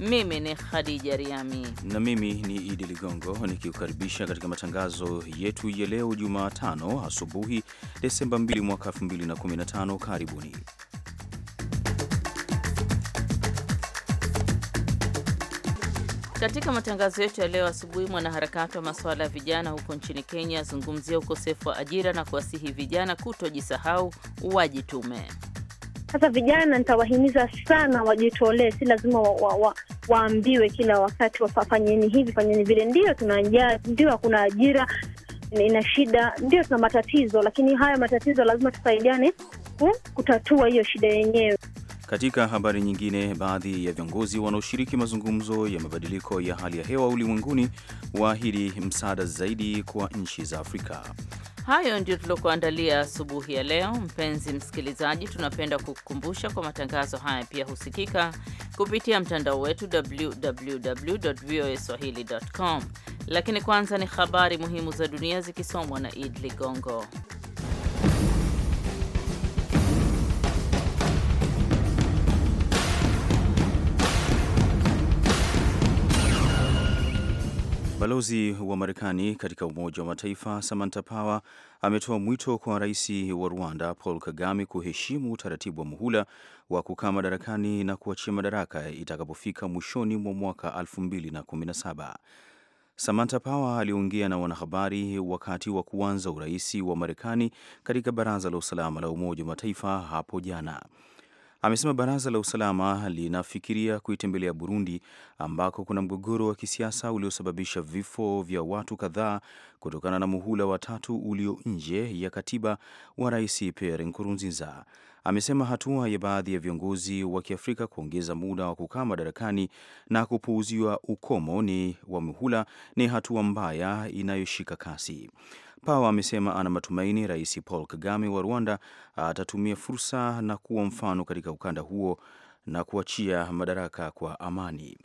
mimi ni Khadija Riami na mimi ni Idi Ligongo nikiukaribisha katika matangazo yetu ya leo Jumatano asubuhi Desemba 2 mwaka 2015. Karibuni. Katika matangazo yetu ya leo asubuhi, mwanaharakati wa masuala ya vijana huko nchini Kenya azungumzia ukosefu wa ajira na kuwasihi vijana kutojisahau, wajitume. Sasa vijana nitawahimiza sana wajitolee, si lazima wa, wa, wa, waambiwe kila wakati wafanyeni hivi fanyeni vile. Ndio tuna njaa, ndio hakuna ajira, ina shida, ndio tuna matatizo, lakini haya matatizo lazima tusaidiane eh, kutatua hiyo shida yenyewe. Katika habari nyingine, baadhi ya viongozi wanaoshiriki mazungumzo ya mabadiliko ya hali ya hewa ulimwenguni waahidi msaada zaidi kwa nchi za Afrika. Hayo ndio tuliokuandalia asubuhi ya leo. Mpenzi msikilizaji, tunapenda kukukumbusha kwa matangazo haya pia husikika kupitia mtandao wetu www voa swahili.com. Lakini kwanza ni habari muhimu za dunia zikisomwa na Id Ligongo. Balozi wa Marekani katika Umoja wa Mataifa Samantha Power ametoa mwito kwa rais wa Rwanda Paul Kagame kuheshimu utaratibu wa muhula wa kukaa madarakani na kuachia madaraka itakapofika mwishoni mwa mwaka 2017. Samantha Power aliongea na wanahabari wakati wa kuanza urais wa Marekani katika Baraza la Usalama la Umoja wa Mataifa hapo jana amesema baraza la usalama linafikiria kuitembelea Burundi ambako kuna mgogoro wa kisiasa uliosababisha vifo vya watu kadhaa kutokana na muhula wa tatu ulio nje ya katiba wa Rais Pierre Nkurunziza. Amesema hatua ya baadhi ya viongozi wa Kiafrika kuongeza muda wa kukaa madarakani na kupuuziwa ukomo ni wa muhula ni hatua mbaya inayoshika kasi. Pawa amesema ana matumaini Rais Paul Kagame wa Rwanda atatumia fursa na kuwa mfano katika ukanda huo na kuachia madaraka kwa amani.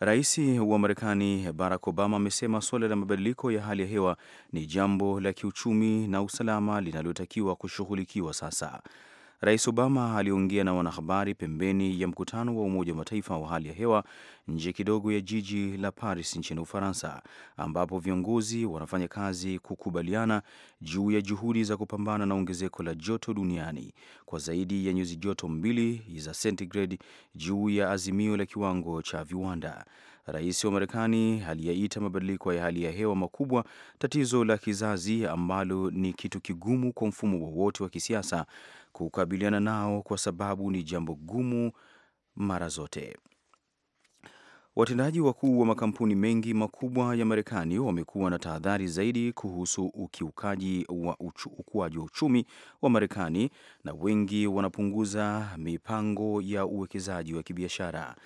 Rais wa Marekani Barack Obama amesema suala la mabadiliko ya hali ya hewa ni jambo la kiuchumi na usalama linalotakiwa kushughulikiwa sasa. Rais Obama aliongea na wanahabari pembeni ya mkutano wa Umoja wa Mataifa wa hali ya hewa nje kidogo ya jiji la Paris nchini Ufaransa, ambapo viongozi wanafanya kazi kukubaliana juu ya juhudi za kupambana na ongezeko la joto duniani kwa zaidi ya nyuzi joto mbili za sentigredi juu ya azimio la kiwango cha viwanda. Rais wa Marekani aliyaita mabadiliko ya hali ya hewa makubwa tatizo la kizazi ambalo ni kitu kigumu kwa mfumo wowote wa, wa kisiasa kukabiliana nao kwa sababu ni jambo gumu mara zote. Watendaji wakuu wa makampuni mengi makubwa ya Marekani wamekuwa na tahadhari zaidi kuhusu ukiukaji wa ukuaji wa uchumi wa Marekani na wengi wanapunguza mipango ya uwekezaji wa kibiashara.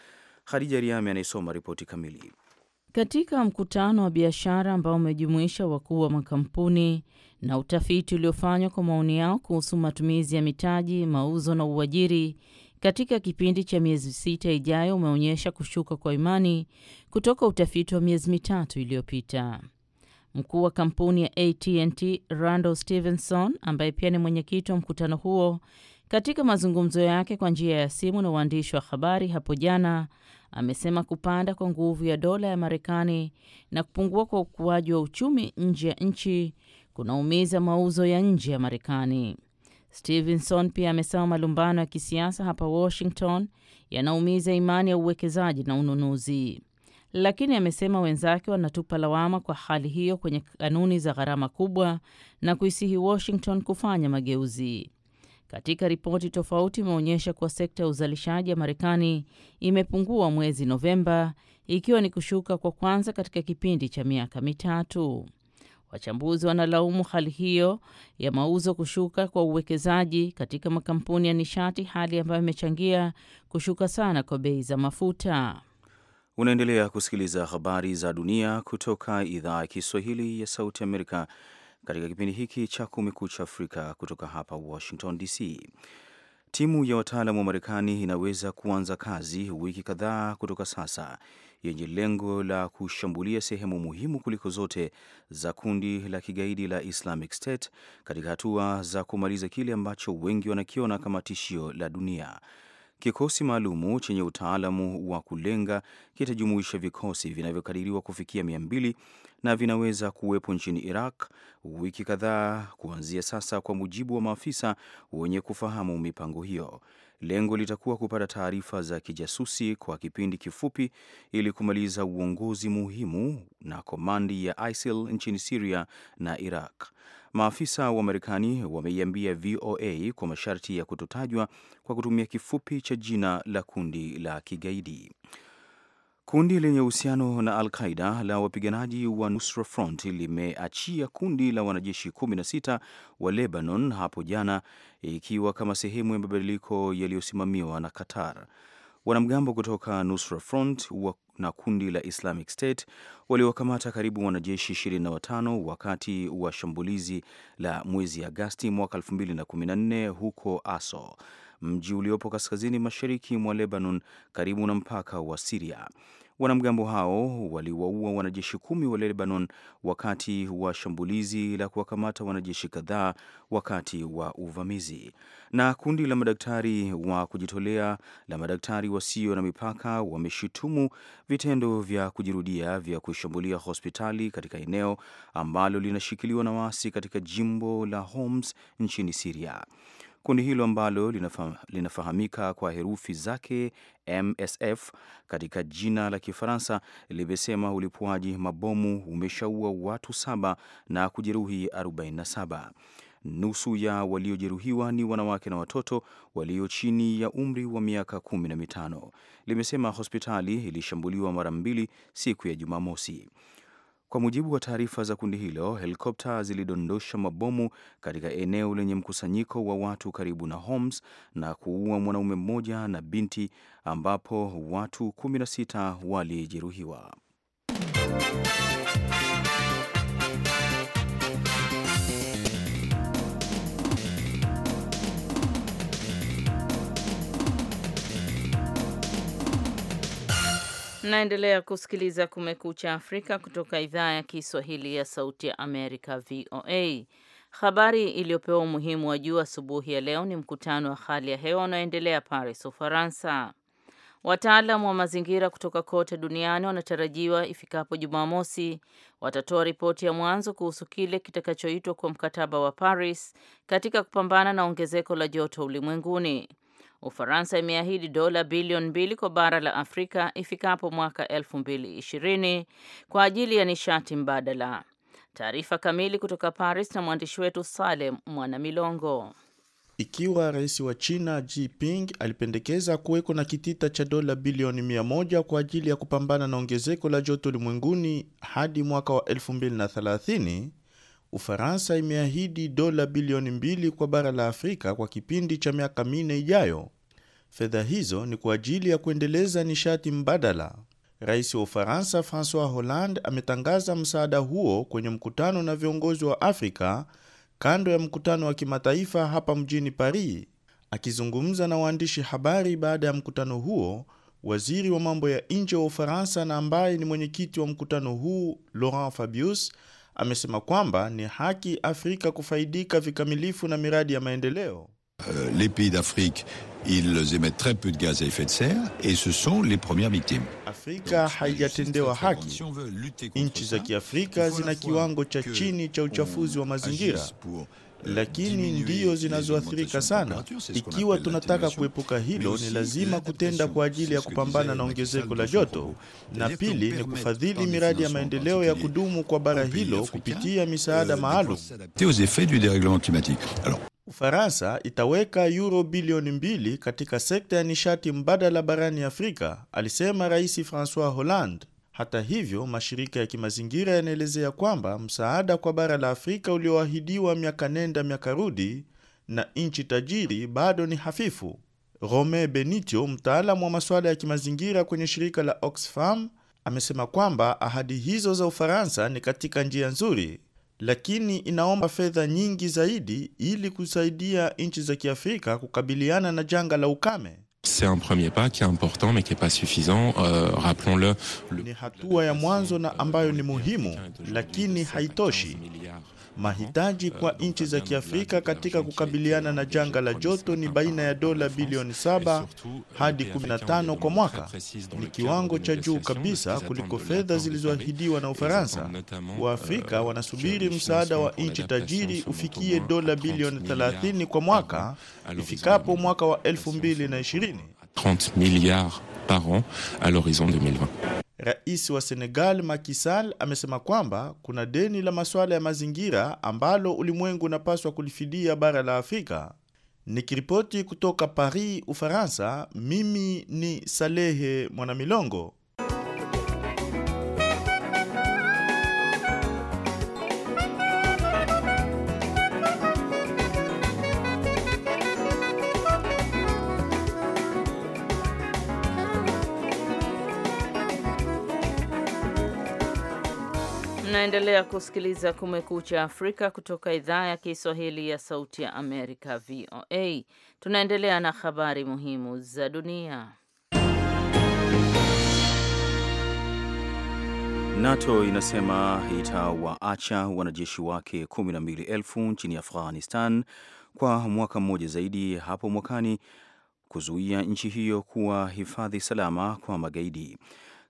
Khadija Riami anayesoma ripoti kamili. Katika mkutano wa biashara ambao umejumuisha wakuu wa makampuni na utafiti uliofanywa kwa maoni yao kuhusu matumizi ya mitaji, mauzo na uajiri katika kipindi cha miezi sita ijayo umeonyesha kushuka kwa imani kutoka utafiti wa miezi mitatu iliyopita. Mkuu wa kampuni ya AT&T Randall Stevenson, ambaye pia ni mwenyekiti wa mkutano huo, katika mazungumzo yake kwa njia ya simu na waandishi wa habari hapo jana amesema kupanda kwa nguvu ya dola ya Marekani na kupungua kwa ukuaji wa uchumi nje ya nchi kunaumiza mauzo ya nje ya Marekani. Stevenson pia amesema malumbano ya kisiasa hapa Washington yanaumiza imani ya uwekezaji na ununuzi, lakini amesema wenzake wanatupa lawama kwa hali hiyo kwenye kanuni za gharama kubwa na kuisihi Washington kufanya mageuzi. Katika ripoti tofauti imeonyesha kuwa sekta ya uzalishaji ya Marekani imepungua mwezi Novemba, ikiwa ni kushuka kwa kwanza katika kipindi cha miaka mitatu. Wachambuzi wanalaumu hali hiyo ya mauzo kushuka kwa uwekezaji katika makampuni ya nishati, hali ambayo imechangia kushuka sana kwa bei za mafuta. Unaendelea kusikiliza habari za dunia kutoka idhaa ya Kiswahili ya Sauti Amerika katika kipindi hiki cha Kumekucha Afrika kutoka hapa Washington DC. Timu ya wataalamu wa Marekani inaweza kuanza kazi wiki kadhaa kutoka sasa, yenye lengo la kushambulia sehemu muhimu kuliko zote za kundi la kigaidi la Islamic State katika hatua za kumaliza kile ambacho wengi wanakiona kama tishio la dunia. Kikosi maalumu chenye utaalamu wa kulenga kitajumuisha vikosi vinavyokadiriwa kufikia mia mbili na vinaweza kuwepo nchini Iraq wiki kadhaa kuanzia sasa, kwa mujibu wa maafisa wenye kufahamu mipango hiyo. Lengo litakuwa kupata taarifa za kijasusi kwa kipindi kifupi ili kumaliza uongozi muhimu na komandi ya ISIL nchini siria na Iraq. Maafisa wa Marekani wameiambia VOA kwa masharti ya kutotajwa kwa kutumia kifupi cha jina la kundi la kigaidi. Kundi lenye uhusiano na Al Qaida la wapiganaji wa Nusra Front limeachia kundi la wanajeshi 16 wa Lebanon hapo jana, ikiwa kama sehemu ya mabadiliko yaliyosimamiwa na Qatar. Wanamgambo kutoka Nusra Front na kundi la Islamic State waliokamata karibu wanajeshi 25 wakati wa shambulizi la mwezi Agasti mwaka 2014 huko Aso, mji uliopo kaskazini mashariki mwa Lebanon karibu na mpaka wa Siria. Wanamgambo hao waliwaua wanajeshi kumi wa Lebanon wakati wa shambulizi la kuwakamata wanajeshi kadhaa wakati wa uvamizi. Na kundi la madaktari wa kujitolea la madaktari wasio na mipaka wameshutumu vitendo vya kujirudia vya kushambulia hospitali katika eneo ambalo linashikiliwa na waasi katika jimbo la Homs nchini Siria. Kundi hilo ambalo linafahamika kwa herufi zake MSF katika jina la Kifaransa limesema ulipuaji mabomu umeshaua watu saba na kujeruhi 47. Nusu ya waliojeruhiwa ni wanawake na watoto walio chini ya umri wa miaka kumi na mitano. Limesema hospitali ilishambuliwa mara mbili siku ya Jumamosi. Kwa mujibu wa taarifa za kundi hilo, helikopta zilidondosha mabomu katika eneo lenye mkusanyiko wa watu karibu na Homs na kuua mwanaume mmoja na binti, ambapo watu 16 walijeruhiwa. Naendelea kusikiliza Kumekucha Afrika kutoka idhaa ya Kiswahili ya Sauti ya Amerika, VOA. Habari iliyopewa umuhimu wa juu asubuhi ya leo ni mkutano wa hali ya hewa unaoendelea Paris, Ufaransa. Wataalam wa mazingira kutoka kote duniani wanatarajiwa ifikapo Jumamosi watatoa ripoti ya mwanzo kuhusu kile kitakachoitwa kwa mkataba wa Paris katika kupambana na ongezeko la joto ulimwenguni. Ufaransa imeahidi dola bilioni mbili kwa bara la Afrika ifikapo mwaka 2020 kwa ajili ya nishati mbadala. Taarifa kamili kutoka Paris na mwandishi wetu Salem Mwanamilongo. Ikiwa rais wa China Jinping alipendekeza kuweko na kitita cha dola bilioni 100 kwa ajili ya kupambana na ongezeko la joto ulimwenguni hadi mwaka wa 2030, Ufaransa imeahidi dola bilioni mbili kwa bara la Afrika kwa kipindi cha miaka minne ijayo Fedha hizo ni kwa ajili ya kuendeleza nishati mbadala. Rais wa Ufaransa Francois Hollande ametangaza msaada huo kwenye mkutano na viongozi wa Afrika kando ya mkutano wa kimataifa hapa mjini Paris. Akizungumza na waandishi habari baada ya mkutano huo, waziri wa mambo ya nje wa Ufaransa na ambaye ni mwenyekiti wa mkutano huu Laurent Fabius amesema kwamba ni haki Afrika kufaidika vikamilifu na miradi ya maendeleo. Euh, les pays d'Afrique, ils émettent très peu de gaz à effet de serre et ce sont les premières victimes. Afrika haijatendewa haki. Nchi za Kiafrika zina kiwango cha chini cha uchafuzi wa mazingira euh, lakini ndiyo zinazoathirika sana. Ikiwa tunataka kuepuka hilo, ni lazima kutenda kwa ajili ya kupambana na ongezeko la joto, na pili ni kufadhili miradi ya maendeleo ya kudumu kwa bara hilo kupitia misaada maalum. aux effets du dérèglement climatique. Alors, Ufaransa itaweka euro bilioni mbili katika sekta ya nishati mbadala barani Afrika, alisema Rais Francois Hollande. Hata hivyo, mashirika ya kimazingira yanaelezea kwamba msaada kwa bara la Afrika ulioahidiwa miaka nenda miaka rudi na nchi tajiri bado ni hafifu. Rome Benitio, mtaalamu wa masuala ya kimazingira kwenye shirika la Oxfam, amesema kwamba ahadi hizo za Ufaransa ni katika njia nzuri lakini inaomba fedha nyingi zaidi ili kusaidia nchi za Kiafrika kukabiliana na janga la ukame. C'est un premier pas qui est important mais qui est pas suffisant. Uh, rappelons-le. Ni hatua ya mwanzo na ambayo ni muhimu lakini haitoshi. Mahitaji eh, kwa nchi za Kiafrika katika kukabiliana na janga la joto ni baina ya dola bilioni 7 hadi 15 kwa mwaka. Ni kiwango cha juu kabisa kuliko fedha zilizoahidiwa na Ufaransa. Waafrika euh, wanasubiri msaada wa nchi tajiri ufikie dola bilioni 30 kwa mwaka ifikapo mwaka wa 2020. 30 milliards par an à l'horizon 2020. Rais wa Senegal Macky Sall amesema kwamba kuna deni la masuala ya mazingira ambalo ulimwengu unapaswa kulifidia bara la Afrika. Nikiripoti kutoka Paris, Ufaransa, mimi ni Salehe Mwanamilongo. Mnaendelea kusikiliza Kumekucha Afrika kutoka idhaa ya Kiswahili ya Sauti ya Amerika, VOA. Tunaendelea na habari muhimu za dunia. NATO inasema itawaacha wanajeshi wake 12,000 nchini Afghanistan kwa mwaka mmoja zaidi hapo mwakani kuzuia nchi hiyo kuwa hifadhi salama kwa magaidi.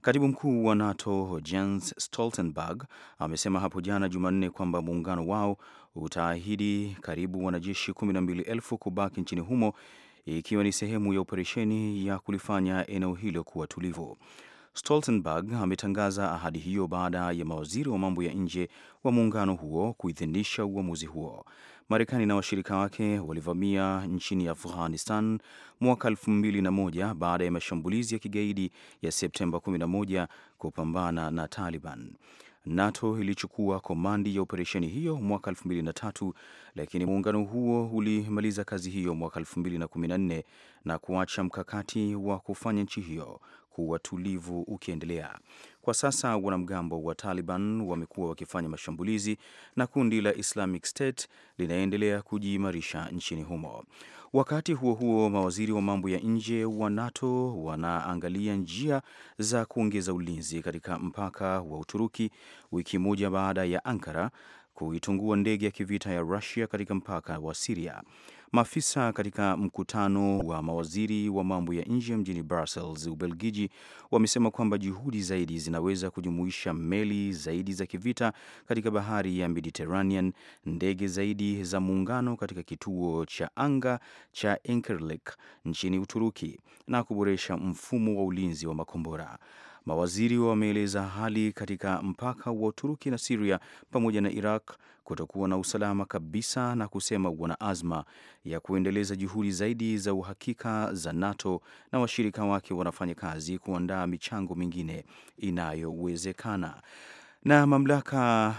Katibu mkuu wa NATO Jens Stoltenberg amesema hapo jana Jumanne kwamba muungano wao utaahidi karibu wanajeshi 12,000 kubaki nchini humo ikiwa ni sehemu ya operesheni ya kulifanya eneo hilo kuwa tulivu. Stoltenberg ametangaza ahadi hiyo baada ya mawaziri wa mambo ya nje wa muungano huo kuidhinisha uamuzi huo. Marekani na washirika wake walivamia nchini Afghanistan mwaka 2001 baada ya mashambulizi ya kigaidi ya Septemba 11 kupambana na Taliban. NATO ilichukua komandi ya operesheni hiyo mwaka 2003, lakini muungano huo ulimaliza kazi hiyo mwaka 2014 na kuacha mkakati wa kufanya nchi hiyo kuwa tulivu ukiendelea. Kwa sasa wanamgambo wa Taliban wamekuwa wakifanya mashambulizi na kundi la Islamic State linaendelea kujiimarisha nchini humo. Wakati huo huo, mawaziri wa mambo ya nje wa NATO wanaangalia njia za kuongeza ulinzi katika mpaka wa Uturuki wiki moja baada ya Ankara kuitungua ndege ya kivita ya Rusia katika mpaka wa Siria. Maafisa katika mkutano wa mawaziri wa mambo ya nje mjini Brussels, Ubelgiji, wamesema kwamba juhudi zaidi zinaweza kujumuisha meli zaidi za kivita katika bahari ya Mediterranean, ndege zaidi za muungano katika kituo cha anga cha Incirlik nchini Uturuki na kuboresha mfumo wa ulinzi wa makombora. Mawaziri wameeleza hali katika mpaka wa Uturuki na Siria pamoja na Iraq kutokuwa na usalama kabisa na kusema wana azma ya kuendeleza juhudi zaidi za uhakika za NATO na washirika wake wanafanya kazi kuandaa michango mingine inayowezekana na mamlaka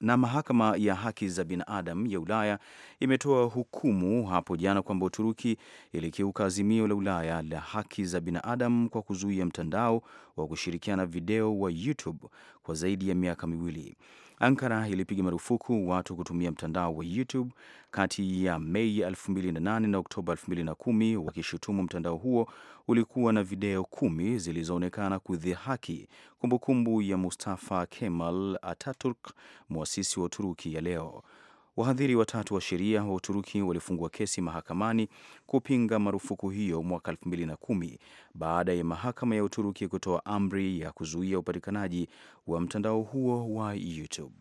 na mahakama ya haki za binadamu ya Ulaya imetoa hukumu hapo jana kwamba Uturuki ilikiuka azimio la Ulaya la haki za binadamu kwa kuzuia mtandao wa kushirikiana video wa YouTube kwa zaidi ya miaka miwili. Ankara ilipiga marufuku watu kutumia mtandao wa YouTube kati ya Mei 2008 na Oktoba 2010, wakishutumu mtandao huo ulikuwa na video kumi zilizoonekana kudhihaki kumbukumbu ya Mustafa Kemal Ataturk, mwasisi wa Uturuki ya leo. Wahadhiri watatu wa sheria wa Uturuki walifungua kesi mahakamani kupinga marufuku hiyo mwaka 2010 baada ya mahakama ya Uturuki kutoa amri ya kuzuia upatikanaji wa mtandao huo wa YouTube.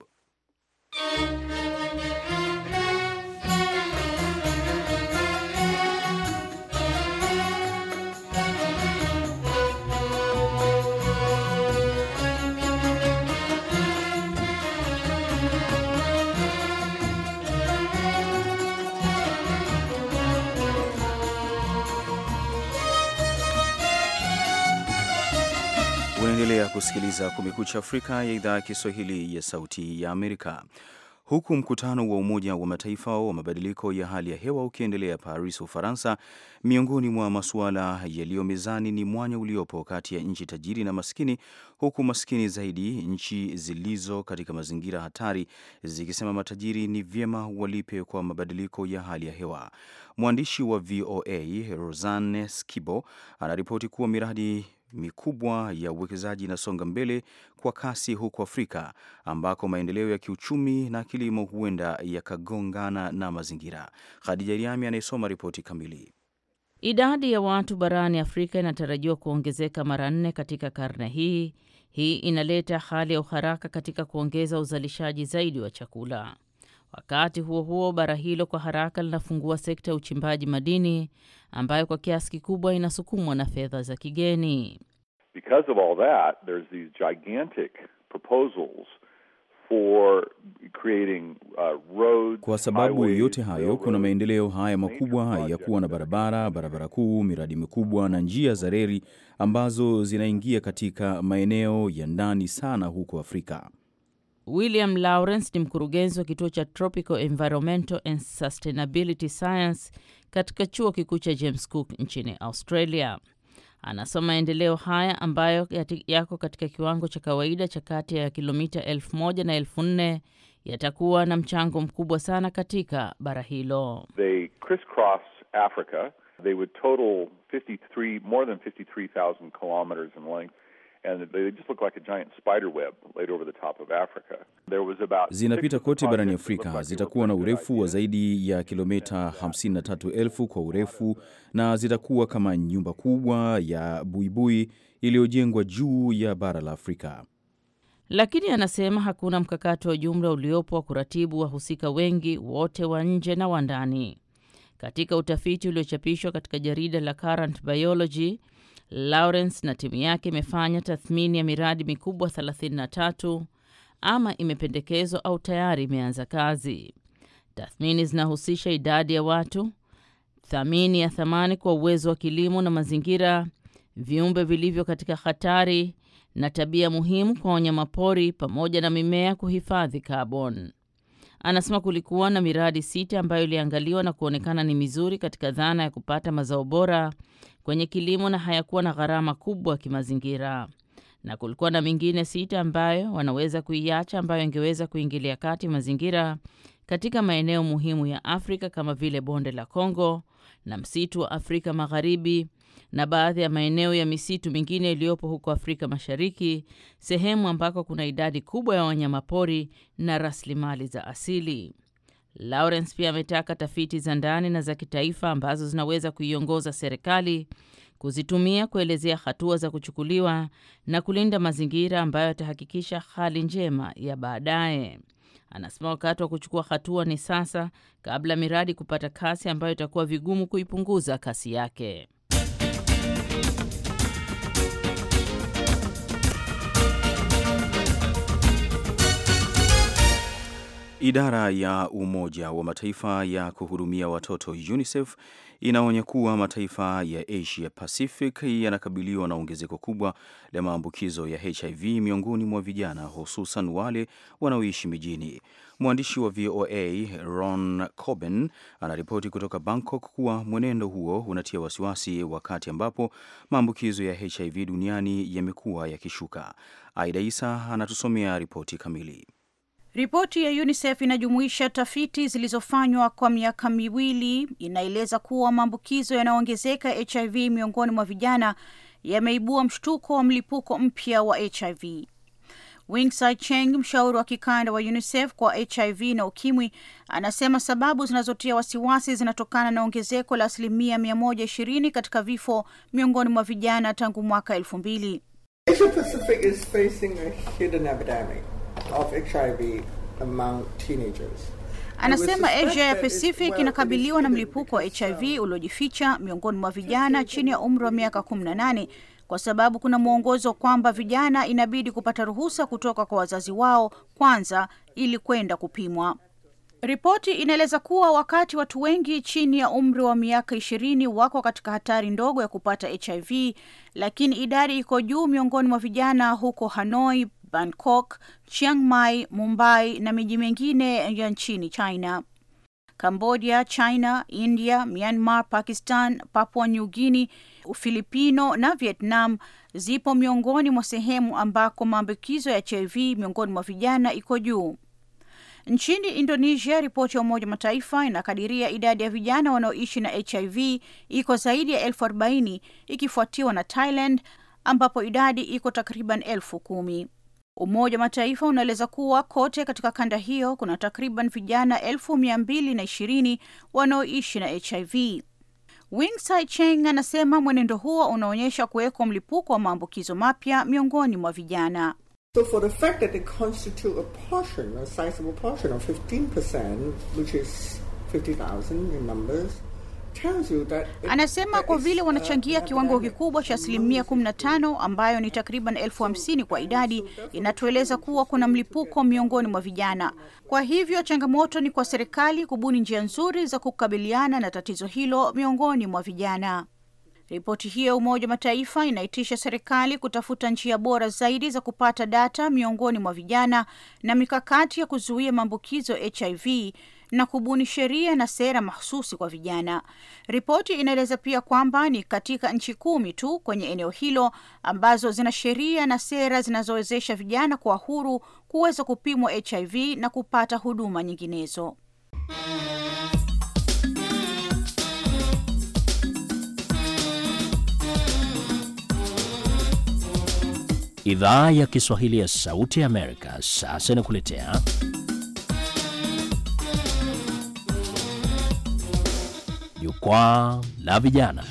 Unaendelea kusikiliza Kumekucha Afrika ya idhaa ya Kiswahili ya Sauti ya Amerika. Huku mkutano wa Umoja wa Mataifa wa mabadiliko ya hali ya hewa ukiendelea Paris, Ufaransa, miongoni mwa masuala yaliyo mezani ni mwanya uliopo kati ya nchi tajiri na maskini, huku maskini zaidi, nchi zilizo katika mazingira hatari, zikisema matajiri ni vyema walipe kwa mabadiliko ya hali ya hewa. Mwandishi wa VOA Rosanne Skibo anaripoti kuwa miradi mikubwa ya uwekezaji inasonga mbele kwa kasi huko Afrika ambako maendeleo ya kiuchumi na kilimo huenda yakagongana na mazingira. Khadija Riami anayesoma ripoti kamili. Idadi ya watu barani Afrika inatarajiwa kuongezeka mara nne katika karne hii. Hii inaleta hali ya uharaka katika kuongeza uzalishaji zaidi wa chakula. Wakati huo huo, bara hilo kwa haraka linafungua sekta ya uchimbaji madini ambayo kwa kiasi kikubwa inasukumwa na fedha za kigeni. Because of all that, there's these gigantic proposals for creating, uh, roads, kwa sababu yote hayo kuna maendeleo haya makubwa ya kuwa na barabara, barabara kuu, miradi mikubwa na njia za reli ambazo zinaingia katika maeneo ya ndani sana huko Afrika. William Lawrence ni mkurugenzi wa kituo cha Tropical Environmental and Sustainability Science katika chuo kikuu cha James Cook nchini Australia. Anasema maendeleo haya ambayo yako katika kiwango cha kawaida cha kati ya kilomita elfu moja na elfu nne yatakuwa na mchango mkubwa sana katika bara hilo. They crisscross Africa. They would total 53, more than 53,000 kilometers in length. Zinapita kote barani Afrika, zitakuwa na urefu wa zaidi ya kilomita 53,000 kwa urefu na zitakuwa kama nyumba kubwa ya buibui iliyojengwa juu ya bara la Afrika. Lakini anasema hakuna mkakati wa jumla uliopo wa kuratibu wahusika wengi wote wa nje na wa ndani. Katika utafiti uliochapishwa katika jarida la Current Biology Lawrence na timu yake imefanya tathmini ya miradi mikubwa 33 ama imependekezwa au tayari imeanza kazi. Tathmini zinahusisha idadi ya watu, thamini ya thamani kwa uwezo wa kilimo na mazingira, viumbe vilivyo katika hatari na tabia muhimu kwa wanyamapori pamoja na mimea kuhifadhi kaboni. Anasema kulikuwa na miradi sita ambayo iliangaliwa na kuonekana ni mizuri katika dhana ya kupata mazao bora kwenye kilimo na hayakuwa na gharama kubwa kimazingira, na kulikuwa na mingine sita ambayo wanaweza kuiacha ambayo ingeweza kuingilia kati mazingira katika maeneo muhimu ya Afrika kama vile bonde la Kongo na msitu wa Afrika Magharibi na baadhi ya maeneo ya misitu mingine iliyopo huko Afrika Mashariki, sehemu ambako kuna idadi kubwa ya wanyamapori na rasilimali za asili. Lawrence pia ametaka tafiti za ndani na za kitaifa ambazo zinaweza kuiongoza serikali kuzitumia kuelezea hatua za kuchukuliwa na kulinda mazingira ambayo yatahakikisha hali njema ya baadaye. Anasema wakati wa kuchukua hatua ni sasa, kabla miradi kupata kasi ambayo itakuwa vigumu kuipunguza kasi yake. Idara ya Umoja wa Mataifa ya kuhudumia watoto UNICEF inaonya kuwa mataifa ya Asia Pacific yanakabiliwa na ongezeko kubwa la maambukizo ya HIV miongoni mwa vijana, hususan wale wanaoishi mijini. Mwandishi wa VOA Ron Coben anaripoti kutoka Bangkok kuwa mwenendo huo unatia wasiwasi, wakati ambapo maambukizo ya HIV duniani yamekuwa yakishuka. Aida Isa anatusomea ripoti kamili. Ripoti ya UNICEF inajumuisha tafiti zilizofanywa kwa miaka miwili, inaeleza kuwa maambukizo yanayoongezeka HIV miongoni mwa vijana yameibua mshtuko wa mlipuko mpya wa HIV. Wingsai Cheng, mshauri wa kikanda wa UNICEF kwa HIV na UKIMWI, anasema sababu zinazotia wasiwasi zinatokana na ongezeko la asilimia 120 katika vifo miongoni mwa vijana tangu mwaka elfu mbili of HIV among teenagers. Anasema Asia ya Pacific inakabiliwa na mlipuko wa HIV um, uliojificha miongoni mwa vijana chini ya umri wa miaka 18 kwa sababu kuna mwongozo kwamba vijana inabidi kupata ruhusa kutoka kwa wazazi wao kwanza ili kwenda kupimwa. Ripoti inaeleza kuwa wakati watu wengi chini ya umri wa miaka ishirini wako katika hatari ndogo ya kupata HIV, lakini idadi iko juu miongoni mwa vijana huko Hanoi Bangkok, Chiang Mai, Mumbai na miji mingine ya nchini China. Cambodia, China, India, Myanmar, Pakistan, Papua New Guinea, Ufilipino na Vietnam zipo miongoni mwa sehemu ambako maambukizo ya HIV miongoni mwa vijana iko juu. Nchini Indonesia, ripoti ya Umoja Mataifa inakadiria idadi ya vijana wanaoishi na HIV iko zaidi ya elfu ikifuatiwa na Thailand ambapo idadi iko takriban elfu kumi. Umoja wa Mataifa unaeleza kuwa kote katika kanda hiyo kuna takriban vijana elfu mia mbili na ishirini wanaoishi na HIV. Wingsai Cheng anasema mwenendo huo unaonyesha kuwekwa mlipuko wa maambukizo mapya miongoni mwa vijana. So for the fact that they constitute a portion, a sizable portion of 15%, which is 50,000 in numbers. Anasema kwa vile wanachangia kiwango kikubwa cha asilimia 15 ambayo ni takriban elfu hamsini kwa idadi, inatueleza kuwa kuna mlipuko miongoni mwa vijana. Kwa hivyo changamoto ni kwa serikali kubuni njia nzuri za kukabiliana na tatizo hilo miongoni mwa vijana. Ripoti hiyo ya Umoja wa Mataifa inaitisha serikali kutafuta njia bora zaidi za kupata data miongoni mwa vijana na mikakati ya kuzuia maambukizo HIV na kubuni sheria na sera mahususi kwa vijana. Ripoti inaeleza pia kwamba ni katika nchi kumi tu kwenye eneo hilo ambazo zina sheria na sera zinazowezesha vijana kuwa huru kuweza kupimwa HIV na kupata huduma nyinginezo. Idhaa ya Kiswahili ya Sauti Amerika sasa inakuletea Jukwaa la Vijana.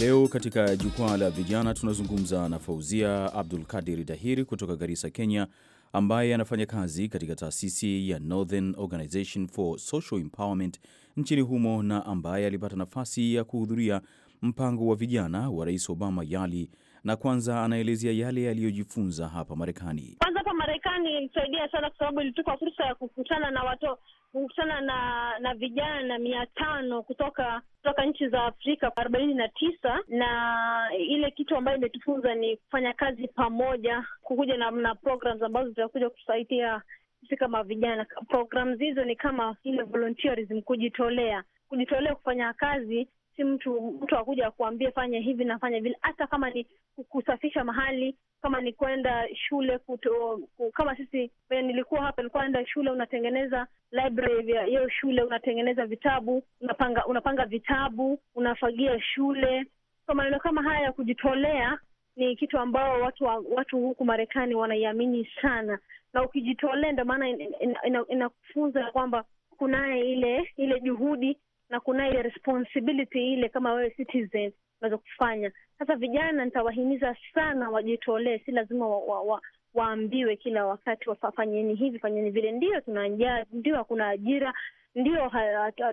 Leo katika Jukwaa la Vijana tunazungumza na Fauzia Abdul Kadir Dahiri kutoka garisa Kenya, ambaye anafanya kazi katika taasisi ya Northern Organization for Social Empowerment nchini humo na ambaye alipata nafasi ya kuhudhuria mpango wa vijana wa Rais Obama YALI na kwanza anaelezea yale yaliyojifunza hapa Marekani. Kwanza hapa Marekani ilisaidia sana, kwa sababu ilitupa fursa ya kukutana na watu kukutana na na vijana mia tano kutoka kutoka nchi za Afrika arobaini na tisa na ile kitu ambayo imetufunza ni kufanya kazi pamoja, kukuja na, na programs ambazo zitakuja kusaidia sisi kama vijana. Programs hizo ni kama ile volunteerism, kujitolea kujitolea kufanya kazi si mtu mtu akuja kuambia fanya hivi na fanya vile, hata kama ni kusafisha mahali, kama ni kwenda shule kuto, kama sisi eh, nilikuwa hapa, nilikuwa naenda shule, unatengeneza library ya hiyo shule, unatengeneza vitabu, unapanga unapanga vitabu, unafagia shule. kwa maneno kama haya ya kujitolea ni kitu ambao watu wa, watu huku Marekani wanaiamini sana, na ukijitolea, ndio maana inakufunza ina, ina, ina kwamba kunaye ile ile juhudi na kuna ile responsibility ile kama wewe citizen unaweza kufanya. Sasa vijana nitawahimiza sana wajitolee, si lazima wa, wa, wa, waambiwe kila wakati wafanyeni hivi fanyeni vile. Ndio tuna njaa, ndio hakuna ajira, ndio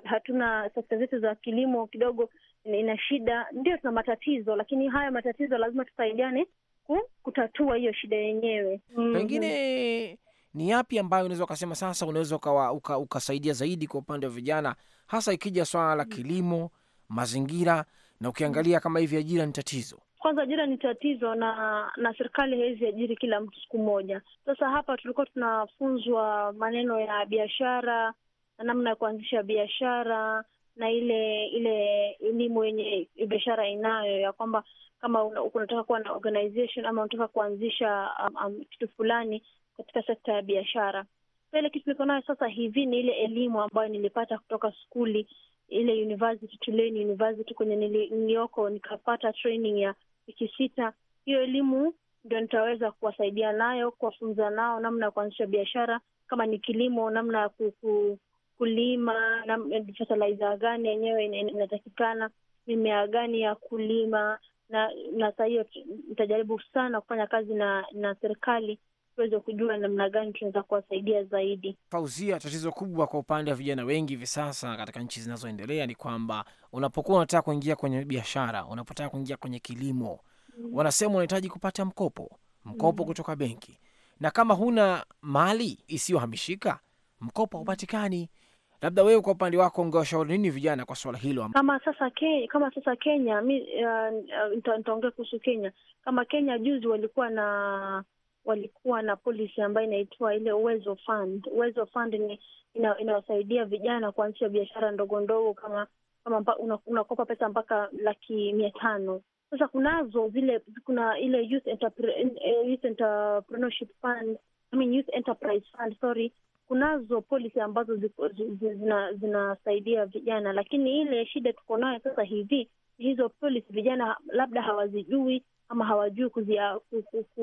hatuna, sekta zetu za kilimo kidogo ina shida, ndio tuna matatizo, lakini haya matatizo lazima tusaidiane kutatua hiyo shida yenyewe. Pengine ni yapi ambayo unaweza ukasema sasa unaweza uka, ukasaidia zaidi kwa upande wa vijana, hasa ikija swala la kilimo, mazingira na ukiangalia kama hivi ajira ni tatizo? Kwanza ajira ni tatizo, na na serikali haiwezi ajiri kila mtu siku moja. Sasa hapa tulikuwa tunafunzwa maneno ya biashara na namna ya kuanzisha biashara na ile ile elimu yenye biashara inayo ya kwamba kama unataka kuwa na organization ama unataka kuanzisha um, um, kitu fulani, katika sekta ya biashara. Ile kitu niko nayo sasa hivi ni ile elimu ambayo nilipata kutoka skuli ile university, Tulane University kwenye niliyoko, nikapata training ya wiki sita. Hiyo elimu ndio nitaweza kuwasaidia nayo, kuwafunza nao namna ya kuanzisha biashara, kama ni kilimo, namna ya kulima, fertilizer gani yenyewe inatakikana, mimea gani ya kulima na na saa hiyo nitajaribu sana kufanya kazi na na serikali tuweze kujua namna gani tunaweza kuwasaidia zaidi. Fauzia, tatizo kubwa kwa upande wa vijana wengi hivi sasa katika nchi zinazoendelea ni kwamba unapokuwa unataka kuingia kwenye biashara, unapotaka kuingia kwenye kilimo mm. wanasema unahitaji kupata mkopo, mkopo mm. kutoka benki, na kama huna mali isiyohamishika mkopo haupatikani. Labda wewe kwa upande wako ungewashauri nini vijana kwa suala hilo? Kama sasa Kenya, kama sasa Kenya mi uh, uh nitaongea kuhusu Kenya. Kama Kenya juzi walikuwa na walikuwa na policy ambayo inaitwa ile Uwezo Fund. Uwezo Fund ni inawasaidia vijana kuanzisha biashara ndogo ndogo, kama kama unakopa pesa mpaka laki mia tano. Sasa kunazo zile, kuna ile youth eh, entrepreneurship fund, I mean youth enterprise fund, sorry kunazo polisi ambazo zinasaidia zina, zina vijana, lakini ile shida tuko nayo sasa hivi hizo policy vijana labda hawazijui ama hawajui kuzia, ku, ku, ku,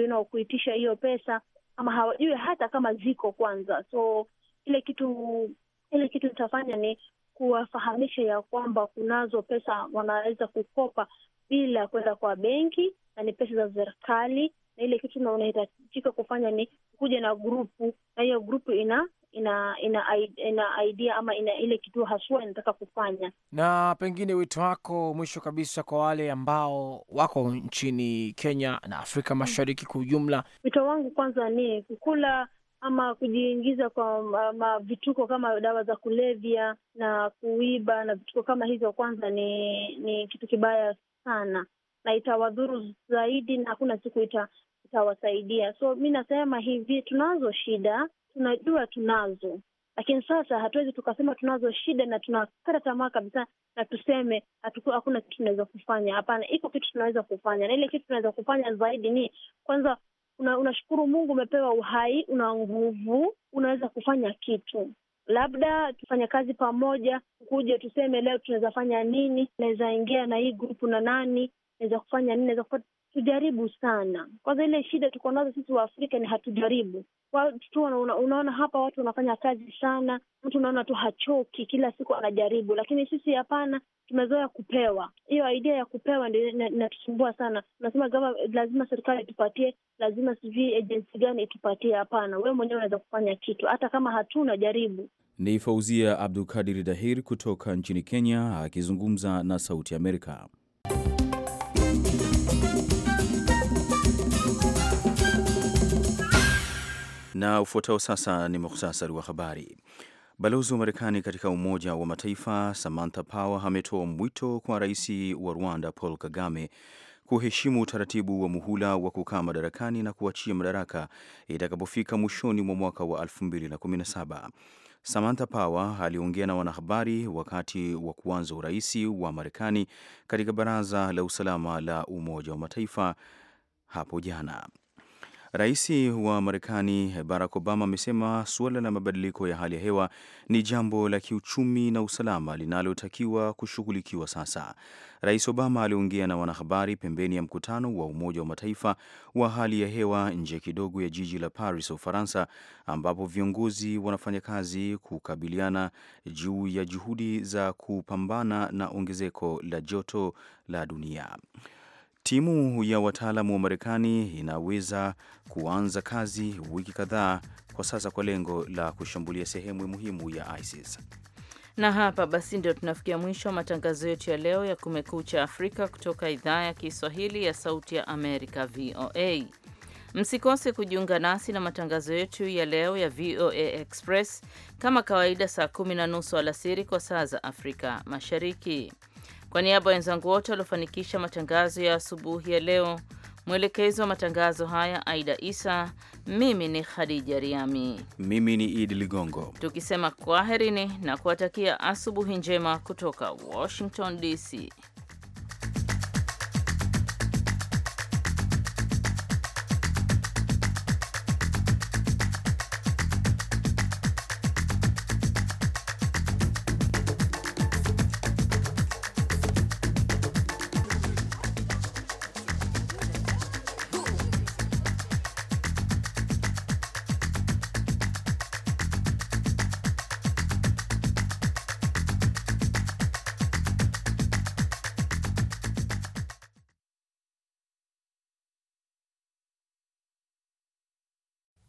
you know, kuitisha hiyo pesa ama hawajui hata kama ziko kwanza. So ile kitu ile kitu nitafanya ni kuwafahamisha ya kwamba kunazo pesa wanaweza kukopa bila kwenda kwa benki na ni pesa za serikali, na ile kitu unahitajika kufanya ni kuja na grupu, na hiyo grupu ina ina ina ina idea ama ina ile kituo haswa inataka kufanya. Na pengine wito wako mwisho kabisa kwa wale ambao wako nchini Kenya na Afrika mm. Mashariki kwa ujumla? Wito wangu kwanza ni kukula ama kujiingiza kwa ma vituko kama dawa za kulevya na kuiba na vituko kama hizo, kwanza ni ni kitu kibaya sana, na itawadhuru zaidi na hakuna siku ita itawasaidia. So mi nasema hivi, tunazo shida tunajua tunazo, lakini sasa hatuwezi tukasema tunazo shida na tunakata tamaa kabisa na tuseme hatuku, hakuna kitu tunaweza kufanya. Hapana, iko kitu tunaweza kufanya, na ile kitu tunaweza kufanya zaidi ni kwanza, unashukuru una Mungu umepewa uhai, una nguvu, unaweza kufanya kitu labda tufanye kazi pamoja, kuja tuseme leo tunaweza fanya nini, naweza ingia na hii grupu na nani, naweza kufanya nini, naweza hatujaribu sana. Kwanza ile shida tuko nazo sisi afrika ni hatujaribu. Watu una, unaona hapa watu wanafanya kazi sana, mtu unaona tu hachoki, kila siku anajaribu, lakini sisi hapana, tumezoea kupewa. Hiyo idea ya kupewa ndio inatusumbua sana. Unasema lazima serikali itupatie, lazima sijui ejensi gani itupatie. Hapana, wewe mwenyewe unaweza kufanya kitu, hata kama hatuna jaribu. Ni Fauzia Abdulkadir Dahir kutoka nchini Kenya akizungumza na Sauti Amerika. Na ufuatao sasa ni muhtasari wa habari. Balozi wa Marekani katika Umoja wa Mataifa Samantha Power ametoa mwito kwa rais wa Rwanda Paul Kagame kuheshimu utaratibu wa muhula wa kukaa madarakani na kuachia madaraka itakapofika mwishoni mwa mwaka wa 2017. Samantha Power aliongea na wanahabari wakati wa kuanza urais wa Marekani katika Baraza la Usalama la Umoja wa Mataifa hapo jana. Rais wa Marekani Barack Obama amesema suala la mabadiliko ya hali ya hewa ni jambo la kiuchumi na usalama linalotakiwa kushughulikiwa sasa. Rais Obama aliongea na wanahabari pembeni ya mkutano wa Umoja wa Mataifa wa hali ya hewa nje kidogo ya jiji la Paris, Ufaransa, ambapo viongozi wanafanya kazi kukabiliana juu ya juhudi za kupambana na ongezeko la joto la dunia. Timu ya wataalamu wa Marekani inaweza kuanza kazi wiki kadhaa kwa sasa kwa lengo la kushambulia sehemu muhimu ya ISIS. Na hapa basi ndio tunafikia mwisho wa matangazo yetu ya leo ya Kumekucha Afrika kutoka idhaa ya Kiswahili ya Sauti ya Amerika, VOA. Msikose kujiunga nasi na matangazo yetu ya leo ya VOA Express kama kawaida, saa kumi na nusu alasiri kwa saa za Afrika Mashariki. Kwa niaba ya wenzangu wote waliofanikisha matangazo ya asubuhi ya leo, mwelekezi wa matangazo haya Aida Isa, mimi ni Khadija Riami, mimi ni Idi Ligongo, tukisema kwaherini na kuwatakia asubuhi njema kutoka Washington DC.